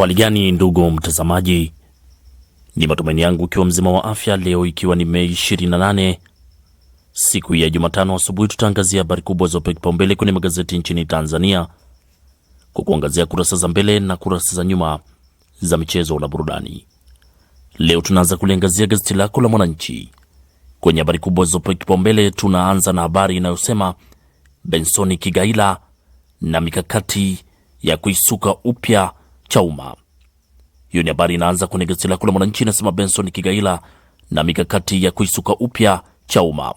Hali gani ndugu mtazamaji, ni matumaini yangu ukiwa mzima wa afya. Leo ikiwa ni Mei 28 siku ya Jumatano asubuhi, tutaangazia habari kubwa zopewa kipaumbele kwenye magazeti nchini Tanzania kwa kuangazia kurasa za mbele na kurasa za nyuma za michezo na burudani. Leo tunaanza kuliangazia gazeti lako la Mwananchi kwenye habari kubwa zopewa kipaumbele. Tunaanza na habari inayosema Benson Kigaila na mikakati ya kuisuka upya cha umma. Hiyo ni habari inaanza kwenye gazeti lako la Mwananchi, nasema Benson Kigaila na mikakati ya kuisuka upya cha umma.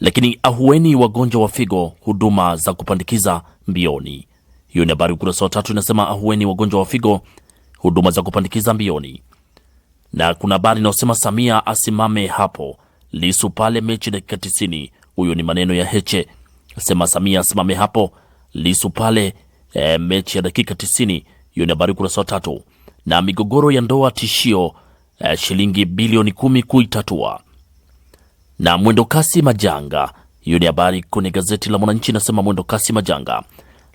Lakini ahueni wagonjwa wa figo, huduma za kupandikiza mbioni. Hiyo ni habari ukurasa wa tatu, inasema ahueni wagonjwa wa figo, huduma za kupandikiza mbioni. Na kuna habari inayosema Samia asimame hapo, Lisu pale mechi dakika 90. Huyo ni maneno ya Heche, sema Samia asimame hapo, Lisu pale e, mechi ya dakika 90. Hiyo ni habari kurasa wa tatu. Na migogoro ya ndoa tishio eh, shilingi bilioni kumi kuitatua. Na mwendo kasi majanga, hiyo ni habari kwenye gazeti la Mwananchi inasema mwendo kasi majanga,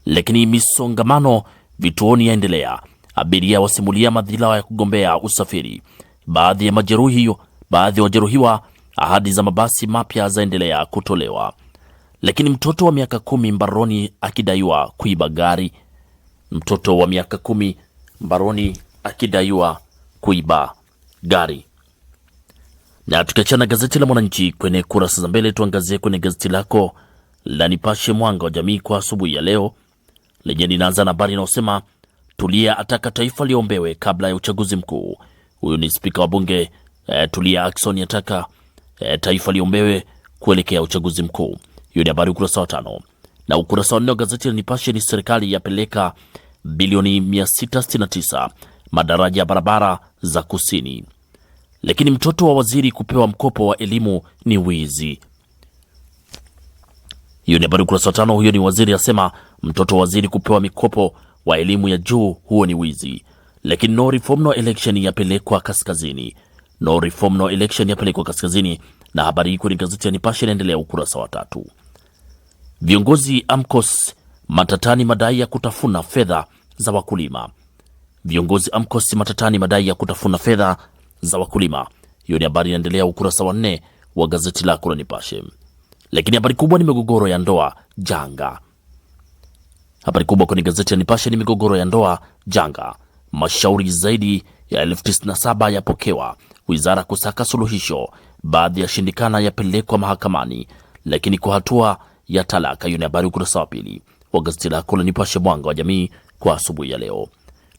lakini misongamano vituoni yaendelea, abiria wasimulia madhila ya kugombea usafiri, baadhi ya majeruhi, baadhi ya wajeruhiwa, ahadi za mabasi mapya zaendelea kutolewa, lakini mtoto wa miaka kumi mbaroni akidaiwa kuiba gari mtoto wa miaka kumi mbaroni akidaiwa kuiba gari. Na tukiachana gazeti la Mwananchi kwenye kurasa za mbele, tuangazie kwenye gazeti lako la Nipashe Mwanga wa Jamii kwa asubuhi ya leo, lenye linaanza na habari inayosema Tulia ataka taifa liombewe kabla ya uchaguzi mkuu. Huyu ni spika wa bunge e, Tulia Ackson ataka e, eh, taifa liombewe kuelekea uchaguzi mkuu. Hiyo ni habari ukurasa wa tano na ukurasa wa nne wa gazeti la Nipashe ni serikali yapeleka bilioni 669 madaraja ya barabara za kusini, lakini mtoto wa waziri kupewa mkopo wa elimu ni wizi. Hiyo ni habari ukurasa wa tano. Huyo ni waziri asema mtoto wa waziri kupewa mikopo wa elimu ya juu huo ni wizi. Lakini no reform no election yapelekwa kaskazini, no reform no election yapelekwa kaskazini. Na habari hii kwenye gazeti ya Nipashe inaendelea ukurasa wa tatu. Viongozi AMCOS matatani madai ya kutafuna fedha za wakulima. Viongozi AMCOS matatani madai ya kutafuna fedha za wakulima. Hiyo ni habari inaendelea ukurasa wa nne wa gazeti lako la Nipashe. Lakini habari kubwa ni migogoro ya ndoa janga. Habari kubwa kwenye gazeti la Nipashe ni migogoro ya ndoa janga. Mashauri zaidi ya elfu tisini na saba yapokewa wizara kusaka suluhisho, baadhi ya shindikana yapelekwa mahakamani, lakini kwa hatua ya talaka. Hiyo ni habari ukurasa wa pili wa gazeti lako la Nipashe mwanga wa jamii kwa asubuhi ya leo.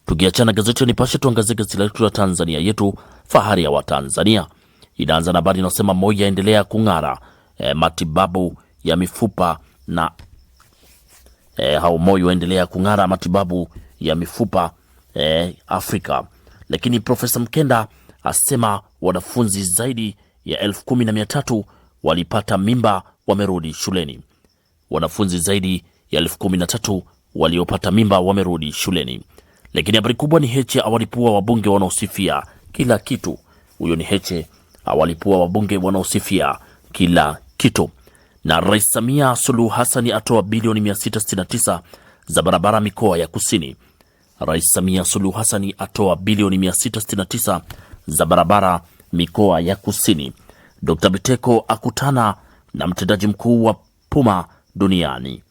Tukiachana gazeti la Nipashe, tuangazie gazeti letu la Tanzania Yetu, fahari ya Watanzania. Inaanza na habari inasema moyo yaendelea kung'ara, e, matibabu ya mifupa na e, hao moyo endelea kung'ara matibabu ya mifupa e, Afrika. Lakini Profesa Mkenda asema wanafunzi zaidi ya elfu kumi na mia tatu walipata mimba wamerudi shuleni wanafunzi zaidi ya elfu kumi na tatu waliopata mimba wamerudi shuleni. Lakini habari kubwa ni Heche awalipua wabunge wanaosifia kila kitu. Huyo ni Heche awalipua wabunge wanaosifia kila kitu. Na Rais Samia Suluhu Hasani atoa bilioni 669 za barabara mikoa ya kusini. Rais Samia Suluhu Hasani atoa bilioni 669 za barabara mikoa ya kusini. Dr Biteko akutana na mtendaji mkuu wa Puma duniani.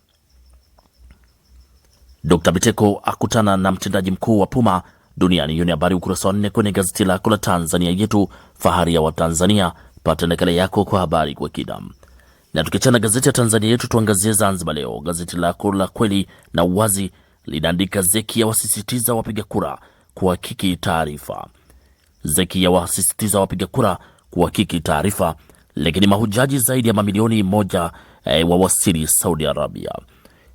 Dr. Biteko akutana na mtendaji mkuu wa Puma duniani. Hiyo ni habari ukurasa wa nne kwenye gazeti lako la Tanzania Yetu, fahari ya Watanzania. Pata nakala yako kwa habari kwa kina. Na tukichana gazeti ya Tanzania Yetu, tuangazie Zanzibar Leo. Gazeti lako la kweli na uwazi linaandika ya wasisitiza wapiga kura kuhakiki taarifa. ya wasisitiza wapiga kura kuhakiki taarifa, lakini mahujaji zaidi ya mamilioni moja e, wawasili Saudi Arabia.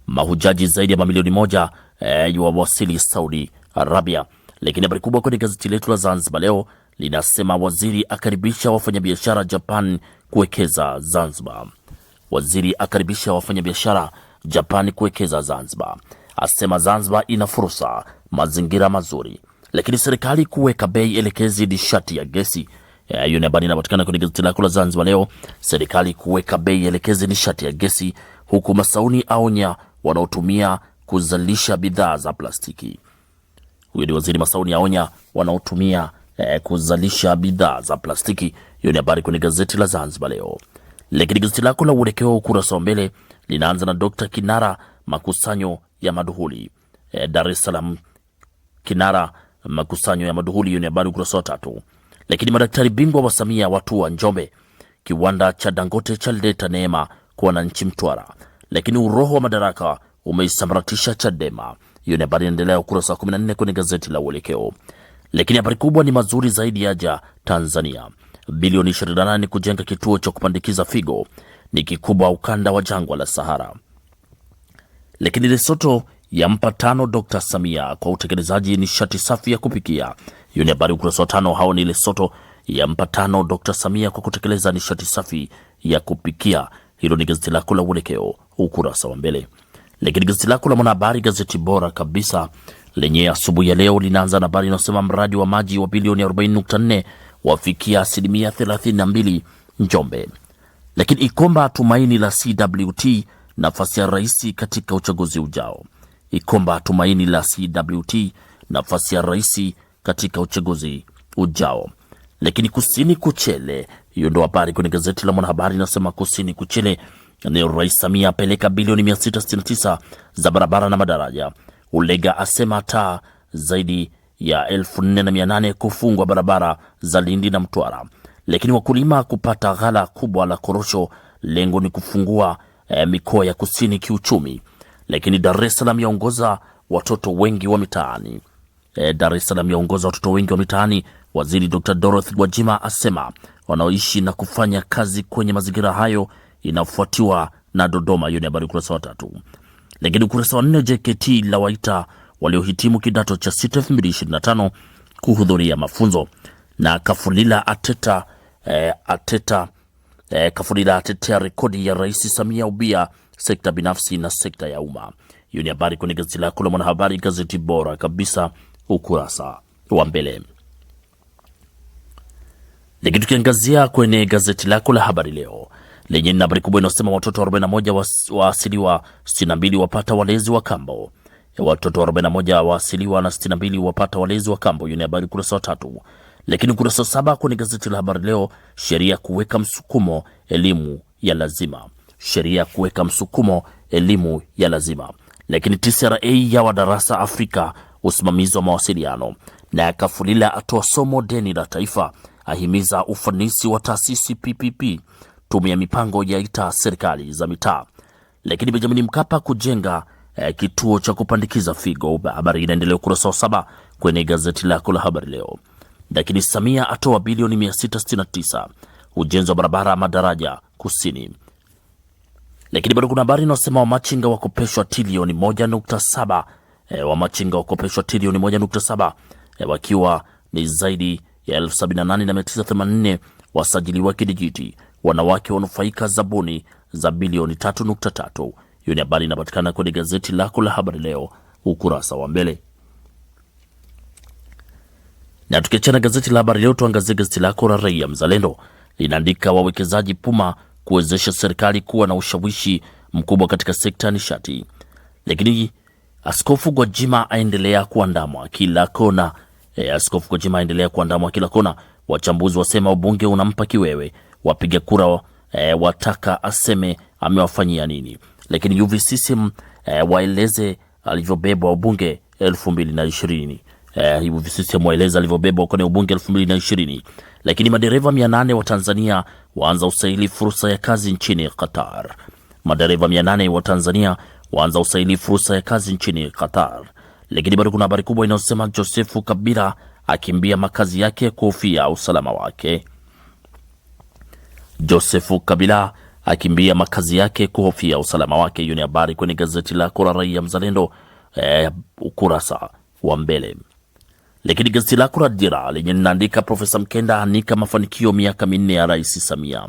Mahujaji zaidi ya mamilioni moja e, wawasili Saudi Arabia. Lakini habari kubwa kwenye gazeti letu la Zanzibar leo linasema waziri akaribisha wafanyabiashara Japan kuwekeza Zanzibar. Waziri akaribisha wafanyabiashara Japan kuwekeza Zanzibar, asema Zanzibar ina fursa, mazingira mazuri. Lakini serikali kuweka bei elekezi nishati ya gesi Eh, hiyo ni habari inapatikana kwenye gazeti lako la Zanzibar Leo. Serikali kuweka bei elekezi nishati ya gesi, huku Masauni aonya wanaotumia kuzalisha bidhaa za plastiki. Huyo ni waziri Masauni aonya wanaotumia eh, kuzalisha bidhaa za plastiki. Hiyo ni habari kwenye gazeti la Zanzibar Leo. Lakini gazeti lako la Uelekeo ukurasa wa mbele linaanza na Dr Kinara, makusanyo ya maduhuli eh, Dar es Salaam. Kinara, makusanyo ya maduhuli. Hiyo ni habari ukurasa wa tatu. Lakini madaktari bingwa wa Samia wa Njombe. Kiwanda cha Dangote cha chaleta neema kwa wananchi Mtwara, lakini uroho wa madaraka umeisambaratisha Chadema. Hiyo ni habari inaendelea ukurasa wa 14 kwenye gazeti la Uelekeo. Lakini habari kubwa ni mazuri zaidi yaja Tanzania, bilioni 28 kujenga kituo cha kupandikiza figo ni kikubwa ukanda wa jangwa la Sahara. Lakini Lesoto yampa tano Dr Samia kwa utekelezaji nishati safi ya kupikia hiyo ni habari ukurasa wa tano. Hao ni Lesoto ya mpatano Dr. Samia kwa kutekeleza nishati safi ya kupikia. Hilo ni gazeti lako la Uelekeo ukurasa wa mbele. Lakini gazeti lako la Mwanahabari, gazeti bora kabisa lenye asubuhi ya leo linaanza na habari inayosema mradi wa maji wa bilioni 40.4 wafikia asilimia 32 Njombe. Lakini Ikomba tumaini la CWT nafasi ya rais katika uchaguzi ujao. Ikomba tumaini la CWT nafasi ya rais katika uchaguzi ujao. Lakini kusini Kuchele, hiyo ndo habari kwenye gazeti la Mwanahabari inasema kusini Kuchele ni Rais Samia apeleka bilioni 669 za barabara na madaraja. Ulega asema taa zaidi ya 4800 kufungwa barabara za Lindi na Mtwara. Lakini wakulima kupata ghala kubwa la korosho, lengo ni kufungua eh, mikoa ya kusini kiuchumi. Lakini Dar es Salaam yaongoza watoto wengi wa mitaani e, Dar es Salaam yaongoza watoto wengi wa mitaani. Waziri Dr. Dorothy Gwajima asema wanaoishi na kufanya kazi kwenye mazingira hayo inafuatiwa na Dodoma. Hiyo ni habari ukurasa wa tatu, lakini ukurasa wa nne JKT la waita waliohitimu kidato cha sita 2025 kuhudhuria mafunzo na Kafulila ateta, e, ateta e, Kafulila atetea rekodi ya Rais Samia ubia sekta binafsi na sekta ya umma. Hiyo ni habari kwenye gazeti lako la Mwanahabari, gazeti bora kabisa ukurasa wa mbele. Lakini tukiangazia kwenye gazeti lako la Habari Leo lenye ni habari kubwa inayosema watoto 41 waasiliwa, 62 wapata walezi wa kambo. Watoto 41 waasiliwa na 62 wapata walezi wa kambo. Hiyo ni habari kurasa wa tatu. Lakini kurasa wa saba kwenye gazeti la Habari Leo, sheria kuweka msukumo elimu ya lazima, sheria kuweka msukumo elimu ya lazima. Lakini TCRA ya wadarasa Afrika usimamizi wa mawasiliano. na Kafulila atoa somo deni la taifa, ahimiza ufanisi wa taasisi PPP. Tume ya mipango yaita serikali za mitaa. Lakini Benjamin Mkapa kujenga eh, kituo cha kupandikiza figo. Habari inaendelea ukurasa wa saba kwenye gazeti lako la habari leo. Lakini Samia atoa bilioni 669 ujenzi wa barabara madaraja kusini. Lakini bado kuna habari inayosema wamachinga wakopeshwa trilioni 1.7 e, eh, wamachinga wakopeshwa trilioni 1.7 e, eh, wakiwa ni zaidi ya 78984 wasajili wa kidijiti. Wanawake wanufaika zabuni za bilioni 3.3. Hiyo ni habari inapatikana kwenye gazeti lako la habari leo ukurasa wa mbele. Na tukiachana gazeti la habari leo, tuangazie gazeti lako la Raia Mzalendo linaandika wawekezaji Puma kuwezesha serikali kuwa na ushawishi mkubwa katika sekta ya nishati, lakini Askofu Gwajima aendelea kuandamwa kila kona. E, Askofu Gwajima aendelea kuandamwa kila kona. Wachambuzi wasema ubunge unampa kiwewe, wapiga kura e, wataka aseme amewafanyia nini, lakini UVCCM e, waeleze alivyobebwa ubunge 2020 e, UVCCM waeleze alivyobebwa kwenye ubunge 2020. Lakini madereva 800 wa Tanzania waanza usaili fursa ya kazi nchini Qatar. Madereva 800 wa Tanzania waanza usaini fursa ya kazi nchini Qatar. Lakini bado kuna habari kubwa inayosema Josefu Kabila akimbia makazi yake kuhofia usalama wake. Josefu Kabila akimbia makazi yake kuhofia usalama wake. Hiyo ni habari kwenye gazeti lako la Raia Mzalendo eh, ukurasa wa mbele. Lakini gazeti lako la Dira lenye linaandika Profesa Mkenda anika mafanikio miaka minne ya Rais Samia,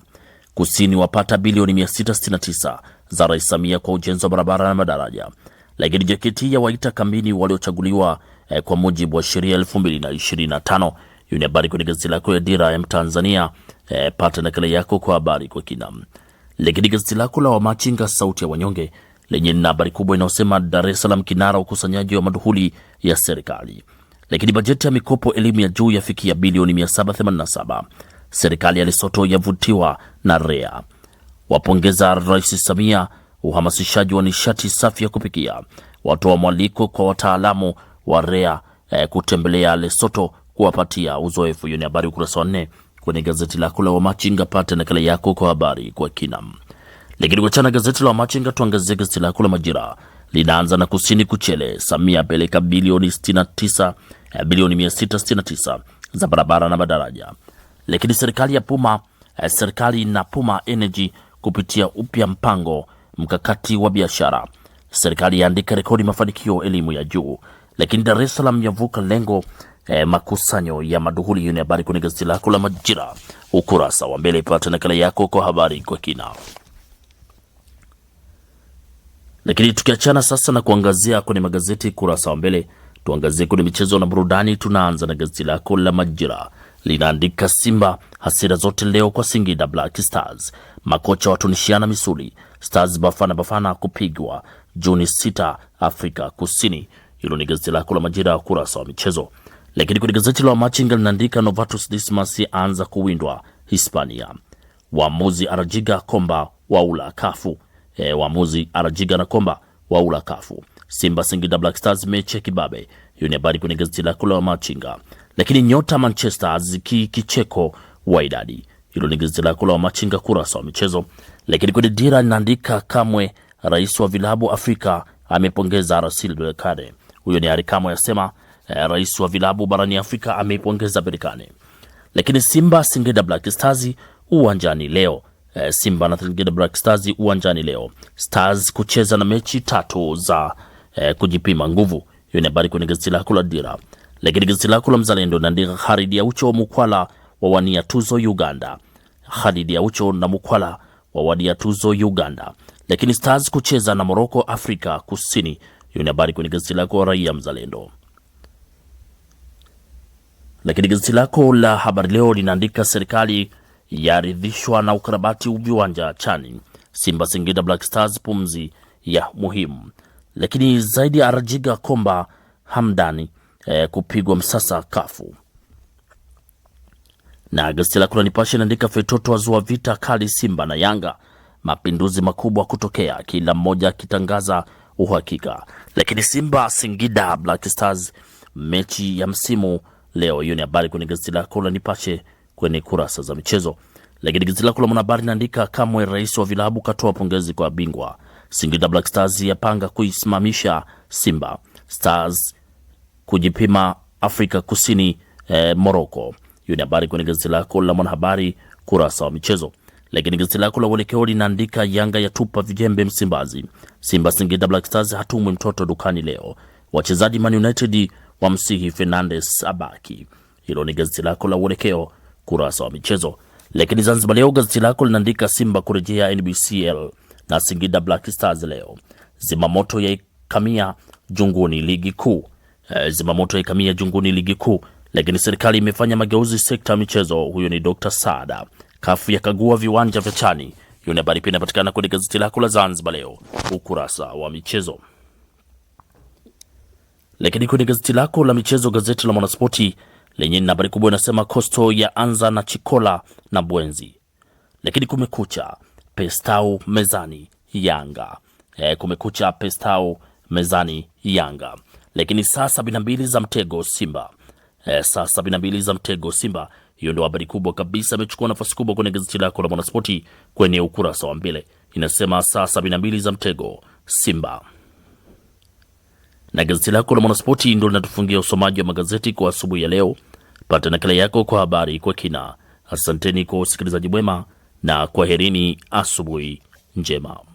kusini wapata bilioni 669 za Rais Samia kwa ujenzi wa barabara na madaraja, lakini JKT yawaita kambini waliochaguliwa eh, kwa mujibu wa sheria 2025. Hiyo ni habari kwenye gazeti lako ya Dira ya Mtanzania. Eh, pata nakala yako kwa habari kwa kina. Lakini gazeti lako la Wamachinga sauti ya wanyonge lenye na habari kubwa inayosema Dar es Salaam kinara ukusanyaji wa maduhuli ya serikali. Lakini bajeti ya mikopo elimu ya juu yafikia bilioni 787. Serikali ya Lesotho yavutiwa na REA wapongeza Rais Samia uhamasishaji wa nishati safi ya kupikia, watoa mwaliko kwa wataalamu wa REA eh, kutembelea Lesoto kuwapatia uzoefu. Hiyo ni habari ukurasa wa nne kwenye gazeti lako la Wamachinga. Pata nakala yako kwa habari kwa kina. Lakini kuachana gazeti la Wamachinga, tuangazie gazeti lako la Majira linaanza na kusini kuchele, Samia apeleka bilioni 69 eh, bilioni 669 za barabara na madaraja. Lakini serikali ya Puma eh, serikali na Puma Energy kupitia upya mpango mkakati wa biashara. Serikali yaandika rekodi mafanikio elimu ya juu, lakini Dar es Salaam yavuka lengo eh, makusanyo ya maduhuli. Hiyo ni habari kwenye gazeti lako la Majira ukurasa wa mbele, ipata nakala yako kwa habari kwa kina. Lakini tukiachana sasa na kuangazia kwenye magazeti kurasa wa mbele, tuangazie kwenye michezo na burudani. Tunaanza na gazeti lako la Majira linaandika Simba hasira zote leo kwa Singida Black Stars, makocha watunishiana misuli, Stars Bafana Bafana kupigwa Juni 6 Afrika Kusini. Hilo ni gazeti lako la Majira ya ukurasa wa michezo, lakini kwenye gazeti la Wamachinga linaandika Novatus Dismas anza kuwindwa Hispania, waamuzi Arajiga Komba waula kafu e, waamuzi Arajiga na Komba waula kafu. Simba Singida Black Stars mechi ya kibabe. Hiyo ni habari kwenye gazeti lako la Wamachinga lakini nyota Manchester ziki kicheko wa idadi. Hilo ni gazeti lako la Wamachinga kurasa wa michezo, lakini kwenye Dira linaandika Kamwe, rais wa vilabu Afrika amepongeza Rasil Berkane. Huyo ni Ari Kamwe asema eh, rais wa vilabu barani Afrika ameipongeza Berkane. Lakini Simba Singida Black Stars uwanjani leo eh, Simba na Singida Black Stars uwanjani leo, Stars kucheza na mechi tatu za eh, kujipima nguvu. Hiyo ni habari kwenye gazeti lako la Dira. Lakini gazeti lako la Mzalendo linaandika Khalid Aucho Mukwala wawania tuzo Uganda. Khalid Aucho na Mukwala wawania tuzo Uganda. Lakini Stars kucheza na Morocco Afrika Kusini. Hiyo ni habari kwenye gazeti lako Raia Mzalendo. Lakini gazeti lako la Habari Leo linaandika serikali yaridhishwa na ukarabati viwanja chani Simba Singida Black Stars pumzi ya muhimu. Lakini zaidi ya Rajiga Komba Hamdani eh, kupigwa msasa kafu. Na gazeti lako la Nipashe inaandika Fetoto wazua vita kali Simba na Yanga, mapinduzi makubwa kutokea, kila mmoja akitangaza uhakika. Lakini Simba Singida Black Stars mechi ya msimu leo. Hiyo ni habari kwenye gazeti lako la Nipashe kwenye kurasa za michezo. Lakini gazeti lako la Mwanahabari inaandika Kamwe, rais wa vilabu katoa pongezi kwa bingwa. Singida Black Stars yapanga kuisimamisha Simba. Stars kujipima Afrika Kusini eh, Morocco. Hiyo ni habari kwenye gazeti lako la Mwanahabari kurasa wa michezo. Lakini gazeti lako la Uelekeo linaandika Yanga yatupa vijembe Msimbazi, Simba Singida Black Stars hatumwi mtoto dukani leo, wachezaji Man United msihi Fernandes abaki. Hilo ni gazeti lako la Uelekeo kurasa wa michezo. Lakini Zanzibar Leo gazeti lako linaandika Simba kurejea NBCL na Singida Black Stars leo, zimamoto ya ikamia junguni ligi kuu Eh, zimamoto ikamia junguni ligi kuu, lakini serikali imefanya mageuzi sekta ya michezo. Huyo ni Dr. Saada. Kafu yakagua viwanja vya chani. Hiyo ni habari pia inapatikana kwenye gazeti lako la Zanzibar Leo ukurasa wa michezo. Lakini kwenye gazeti lako la michezo, gazeti la Mwanaspoti lenye ni habari kubwa inasema Kosto ya anza na Chikola na Bwenzi. Lakini kumekucha Pestau mezani Yanga. E, kumekucha Pestau mezani Yanga lakini saa sabini na mbili za mtego Simba. E, saa sabini na mbili za mtego Simba. Hiyo ndio habari kubwa kabisa, imechukua nafasi kubwa kwenye gazeti lako la Mwanaspoti kwenye ukurasa wa mbele, inasema saa sabini na mbili za mtego Simba na gazeti lako la Mwanaspoti ndio linatufungia usomaji wa magazeti kwa asubuhi ya leo. Pata nakala yako kwa habari kwa kina. Asanteni kwa usikilizaji mwema na kwaherini, asubuhi njema.